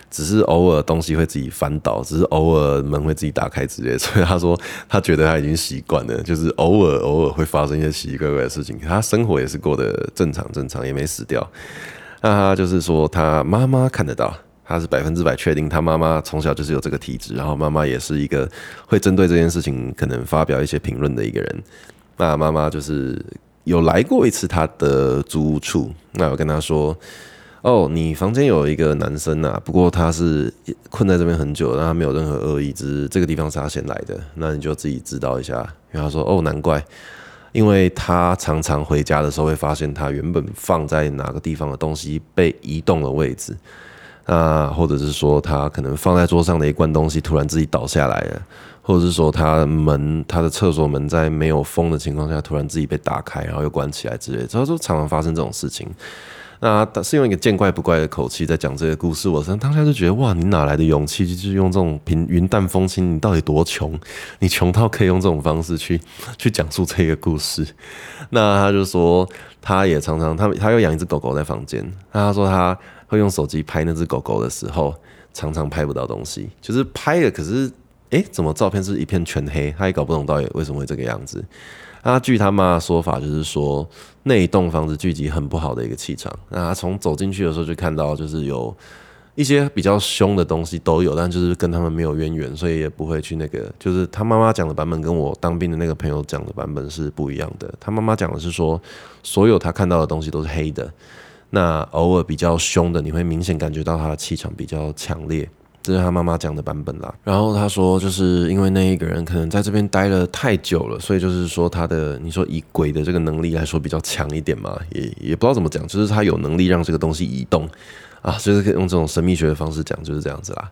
只是偶爾東西會自己翻倒，只是偶爾門會自己打開之類。所以他說他覺得他已經習慣了，就是偶爾偶爾會發生一些奇奇怪怪的事情。他生活也是過得正常正常，也沒死掉。那他就是說，他媽媽看得到，他是百分之百確定，他媽媽從小就是有這個體質，然後媽媽也是一個會針對這件事情可能發表一些評論的一個人。那媽媽就是有來過一次他的租屋處，那我跟他說，哦，你房間有一個男生啊，不過他是困在這邊很久，但他沒有任何惡意，只是這個地方是他先來的，那你就自己知道一下。然後他說，哦，難怪。因為他常常回家的時候會發現，他原本放在哪個地方的東西被移動了位置，啊。或者是說他可能放在桌上的一罐東西突然自己倒下來了，或者是說他的門，他的廁所門在沒有風的情況下突然自己被打開，然後又關起來之類的，所以說常常發生這種事情。那他是用一個見怪不怪的口氣在講這個故事，我真當下就覺得哇，你哪來的勇氣，就是用這種平雲淡風輕？你到底多窮？你窮到可以用這種方式去去講述這個故事？那他就說，他也常常他他又養一隻狗狗在房間，那他說他會用手機拍那隻狗狗的時候，常常拍不到東西，就是拍了，可是誒、欸，怎麼照片是一片全黑？他也搞不懂到底為什麼會這個樣子。那他據他媽的說法，就是說。那一棟房子聚集很不好的一個氣場，那他從走進去的時候就看到，就是有一些比較兇的東西都有，但就是跟他們沒有淵源，所以也不會去那個。就是他媽媽講的版本跟我當兵的那個朋友講的版本是不一樣的。他媽媽講的是說，所有他看到的東西都是黑的，那偶爾比較兇的，你會明顯感覺到他的氣場比較強烈。這是他媽媽講的版本啦。然後他說，就是因為那一個人可能在這邊待了太久了，所以就是說他的，你說以鬼的這個能力來說比較強一點嘛，也也不知道怎麼講，就是他有能力讓這個東西移動啊，就是可以用這種神秘學的方式講，就是這樣子啦。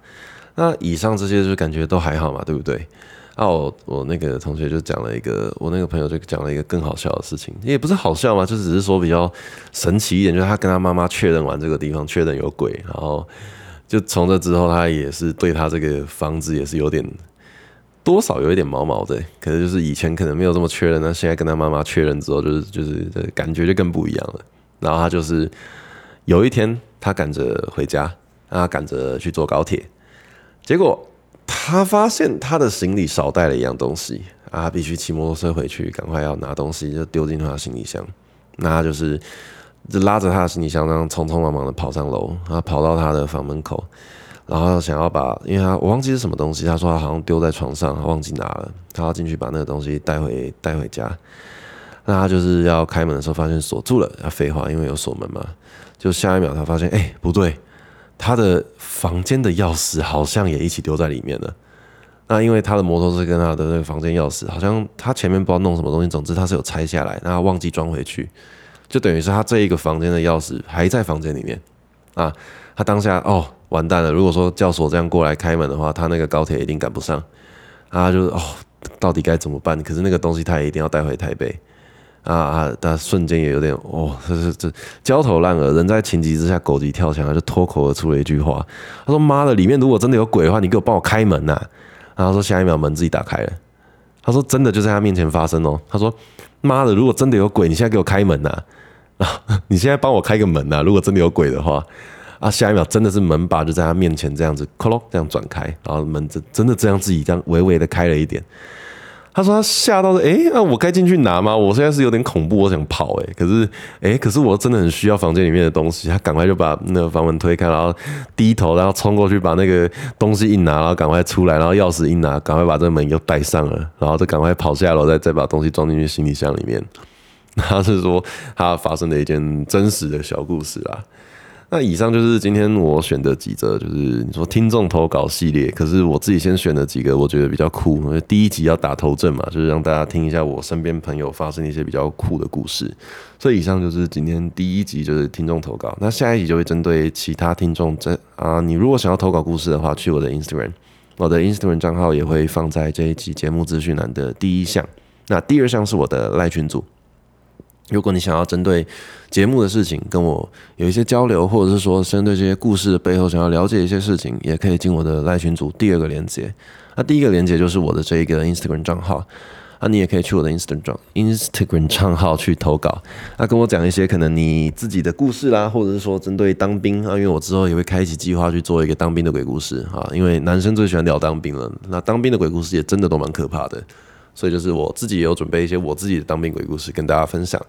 那以上這些就感覺都還好嘛，對不對？哦、啊，我我那個同學就講了一個，我那個朋友就講了一個更好笑的事情，也不是好笑嘛，就只是說比較神奇一點，就是他跟他媽媽確認完這個地方確認有鬼，然後。就從這之後，他也是對他這個房子也是有點，多少有一點毛毛的，欸。可能就是以前可能沒有這麼確認，啊，那現在跟他媽媽確認之後，就是就是感覺就更不一樣了。然後他就是有一天，他趕着回家，他趕着去坐高鐵，結果他發現他的行李少帶了一樣東西，啊，必須騎摩托車回去，趕快要拿東西，就丟進他的行李箱，那他就是。就拉着他的行李箱，這樣匆匆忙忙的跑上樓，他跑到他的房門口，然後想要把，因為他我忘記是什麼東西，他說他好像丟在床上，他忘記拿了，他要進去把那個東西帶回帶回家。那他就是要開門的時候發現鎖住了，他廢話，因為有鎖門嘛。就下一秒他發現，哎，不對，他的房間的鑰匙好像也一起丟在裡面了。那因為他的摩托車跟他的那個房間鑰匙，好像他前面不知道弄什麼東西，總之他是有拆下來，然後忘記裝回去。就等於是他這一個房間的鑰匙還在房間裡面啊，他當下哦，完蛋了，如果說叫鎖匠過來開門的話，他那個高鐵一定趕不上啊，就是哦，到底該怎麼辦？可是那個東西他也一定要帶回台北啊啊！他瞬間也有點哦，這這這焦頭爛額，人在情急之下狗急跳牆，就脫口而出了一句話，他說：“媽的，裡面如果真的有鬼的話，你給我幫我開門吶！”然後他說下一秒門自己打開了，他說：“真的就在他面前發生哦。”他說：“媽的，如果真的有鬼，你現在給我開門吶、啊！”啊、你現在幫我開個門啊！如果真的有鬼的話，啊，下一秒真的是門把就在他面前這樣子，咯咯，這樣轉開，然後門真的真的這樣自己這樣微微的開了一點。他說他嚇到了，哎，那、啊、我該進去拿嗎？我現在是有點恐怖，我想跑，哎，可是，哎，可是我真的很需要房間裡面的東西。他趕快就把那個房門推開，然後低頭，然後衝過去把那個東西一拿，然後趕快出來，然後鑰匙一拿，趕快把這個門又帶上了，然後就趕快跑下樓，再再把東西裝進去行李箱裡面。他是說他發生的一件真實的小故事啦。那以上就是今天我選的幾則，就是你說聽眾投稿系列。可是我自己先選了幾個我覺得比較酷，因為第一集要打頭陣嘛，就是讓大家聽一下我身邊朋友發生一些比較酷的故事。所以以上就是今天第一集，就是聽眾投稿。那下一集就會針對其他聽眾。這、呃、啊，你如果想要投稿故事的話，去我的 Instagram，我的 Instagram 賬號也會放在這一集節目資訊欄的第一項。那第二項是我的賴群組。如果你想要針對節目的事情跟我有一些交流，或者是說針對這些故事的背後想要了解一些事情，也可以進我的賴群組第二個鏈接。那、啊、第一個鏈接就是我的這一個 Instagram 賬號，那、啊、你也可以去我的 Instagram Instagram 賬號去投稿，那、啊、跟我講一些可能你自己的故事啦，或者是說針對當兵啊，因為我之後也會開啟計劃去做一個當兵的鬼故事啊，因為男生最喜歡聊當兵了，那當兵的鬼故事也真的都蠻可怕的。所以就是我自己也有準備一些我自己的當兵鬼故事跟大家分享，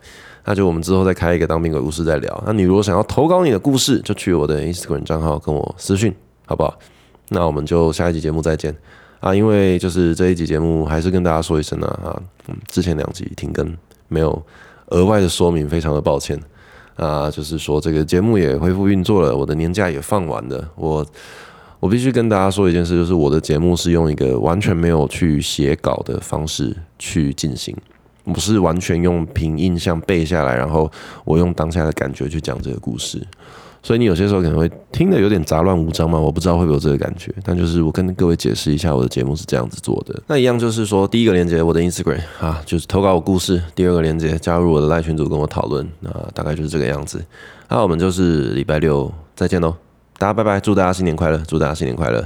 那就我們之後再開一個當兵鬼故事再聊。那你如果想要投稿你的故事，就去我的 Instagram 賬號跟我私訊，好不好？那我們就下一集節目再見啊！因為就是這一集節目還是跟大家說一聲呢啊，嗯，之前兩集停更，沒有額外的說明，非常的抱歉啊。就是說這個節目也恢復運作了，我的年假也放完了，我。我必須跟大家說一件事，就是我的節目是用一個完全沒有去寫稿的方式去進行，不是完全用憑印象背下來，然後我用當下的感覺去講這個故事，所以你有些時候可能會聽得有點雜亂無章嘛，我不知道會不會有這個感覺，但就是我跟各位解釋一下，我的節目是這樣子做的。那一樣就是說，第一個連結我的 Instagram 啊，就是投稿我故事；第二個連結加入我的 Line 群組跟我討論。那大概就是這個樣子。那、啊、我們就是禮拜六再見嘍。大家拜拜，祝大家新年快樂，祝大家新年快樂！